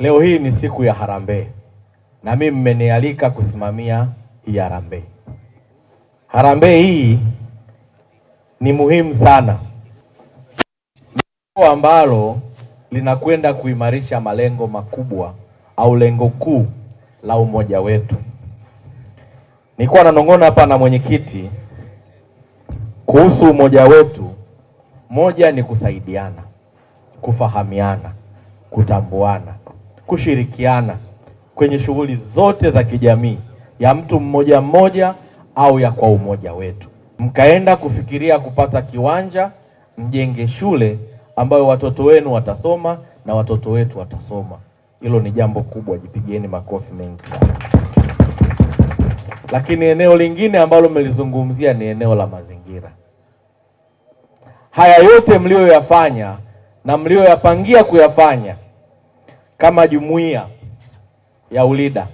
Leo hii ni siku ya harambee na mimi mmenialika kusimamia hii harambee. Harambee hii ni muhimu sana, jambo ambalo linakwenda kuimarisha malengo makubwa au lengo kuu la umoja wetu. Nilikuwa nanong'ona hapa na mwenyekiti kuhusu umoja wetu. Moja ni kusaidiana, kufahamiana, kutambuana kushirikiana kwenye shughuli zote za kijamii ya mtu mmoja mmoja au ya kwa umoja wetu. Mkaenda kufikiria kupata kiwanja, mjenge shule ambayo watoto wenu watasoma na watoto wetu watasoma. Hilo ni jambo kubwa, jipigieni makofi mengi sana. Lakini eneo lingine ambalo mmelizungumzia ni eneo la mazingira. Haya yote mlioyafanya na mlioyapangia kuyafanya kama jumuiya ya ULIDA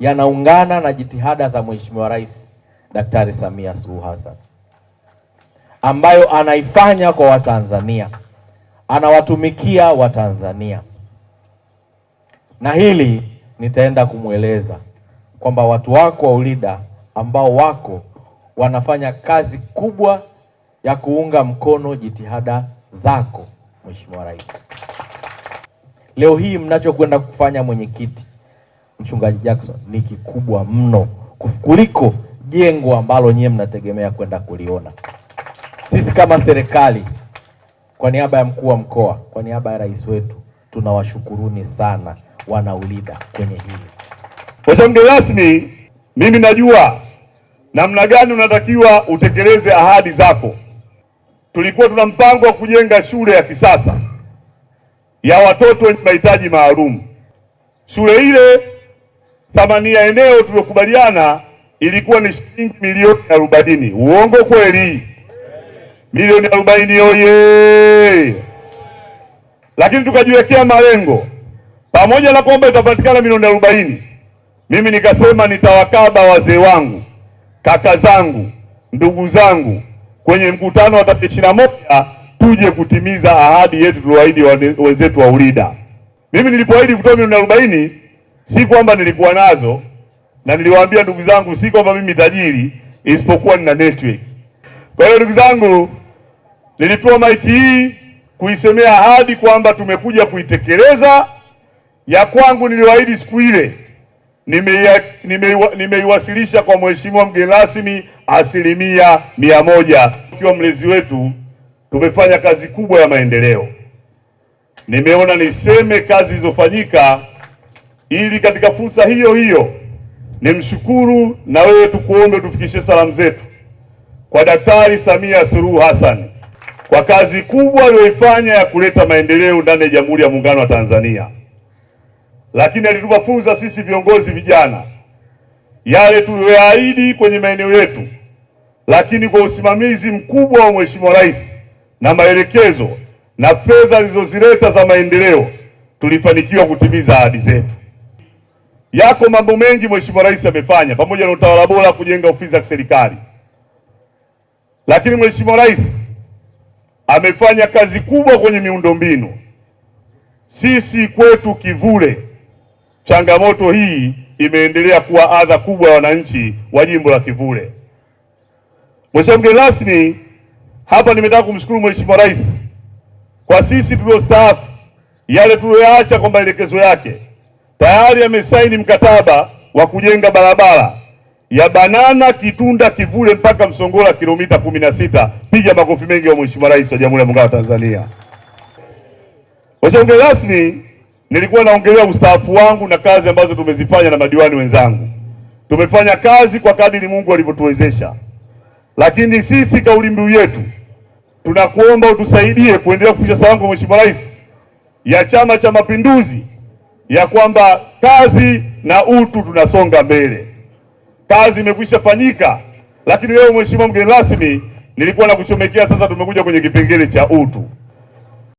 yanaungana na jitihada za Mheshimiwa Rais Daktari Samia Suluhu Hassan ambayo anaifanya kwa Watanzania, anawatumikia Watanzania, na hili nitaenda kumweleza kwamba watu wako wa ULIDA ambao wako wanafanya kazi kubwa ya kuunga mkono jitihada zako Mheshimiwa Rais. Leo hii mnachokwenda kufanya mwenyekiti, mchungaji Jackson, ni kikubwa mno kuliko jengo ambalo nyie mnategemea kwenda kuliona. Sisi kama serikali, kwa niaba ya mkuu wa mkoa, kwa niaba ya rais wetu, tunawashukuruni sana wanaulida kwenye hili. Mheshimiwa mgeni rasmi, mimi najua namna gani unatakiwa utekeleze ahadi zako. Tulikuwa tuna mpango wa kujenga shule ya kisasa ya watoto wenye mahitaji maalum. Shule ile thamani ya eneo tuliyokubaliana ilikuwa ni shilingi milioni arobaini. Uongo kweli? Milioni arobaini oye! Lakini tukajiwekea malengo, pamoja na kwamba itapatikana milioni arobaini, mimi nikasema nitawakaba wazee wangu, kaka zangu, ndugu zangu kwenye mkutano wa tarehe ishirini na moja tuje kutimiza ahadi yetu tuliwaahidi wenzetu wa ULIDA. Mimi nilipoahidi kutoa milioni arobaini si kwamba nilikuwa nazo, na niliwaambia ndugu zangu, si kwamba mimi tajiri, isipokuwa nina network. Kwa hiyo ndugu zangu, nilipewa maiki hii kuisemea ahadi kwamba tumekuja kuitekeleza. Ya kwangu niliwaahidi siku ile nimeiwasilisha nime, nime kwa mheshimiwa mgeni rasmi asilimia mia moja, ukiwa mlezi wetu tumefanya kazi kubwa ya maendeleo. Nimeona niseme kazi zilizofanyika, ili katika fursa hiyo hiyo nimshukuru na wewe tukuombe tufikishe salamu zetu kwa Daktari Samia Suluhu Hassan kwa kazi kubwa aliyoifanya ya kuleta maendeleo ndani ya Jamhuri ya Muungano wa Tanzania, lakini alitupa fursa sisi viongozi vijana yale tuliyoahidi kwenye maeneo yetu, lakini kwa usimamizi mkubwa wa Mheshimiwa Rais na maelekezo na fedha zilizozileta za maendeleo tulifanikiwa kutimiza ahadi zetu. Yako mambo mengi Mheshimiwa Rais amefanya pamoja na utawala bora, kujenga ofisi za kiserikali, lakini Mheshimiwa Rais amefanya kazi kubwa kwenye miundombinu. Sisi kwetu Kivule, changamoto hii imeendelea kuwa adha kubwa ya wananchi wa jimbo la Kivule. Mheshimiwa mgeni rasmi, hapa nimetaka kumshukuru Mheshimiwa Rais kwa sisi tuliostaafu, yale tuliyoyaacha kwa maelekezo yake, tayari amesaini mkataba wa kujenga barabara ya Banana Kitunda Kivule mpaka Msongola kilomita kumi na sita. Piga makofi mengi wa Mheshimiwa Rais wa Jamhuri ya Muungano wa Tanzania. washonge rasmi, nilikuwa naongelea ustaafu wangu na kazi ambazo tumezifanya na madiwani wenzangu. Tumefanya kazi kwa kadiri Mungu alivyotuwezesha. Lakini sisi kauli mbiu yetu tunakuomba utusaidie kuendelea kufikisha salamu kwa Mheshimiwa Rais ya Chama cha Mapinduzi ya kwamba kazi na utu tunasonga mbele. Kazi imekwisha fanyika, lakini leo Mheshimiwa mgeni rasmi, nilikuwa nakuchomekea sasa, tumekuja kwenye kipengele cha utu.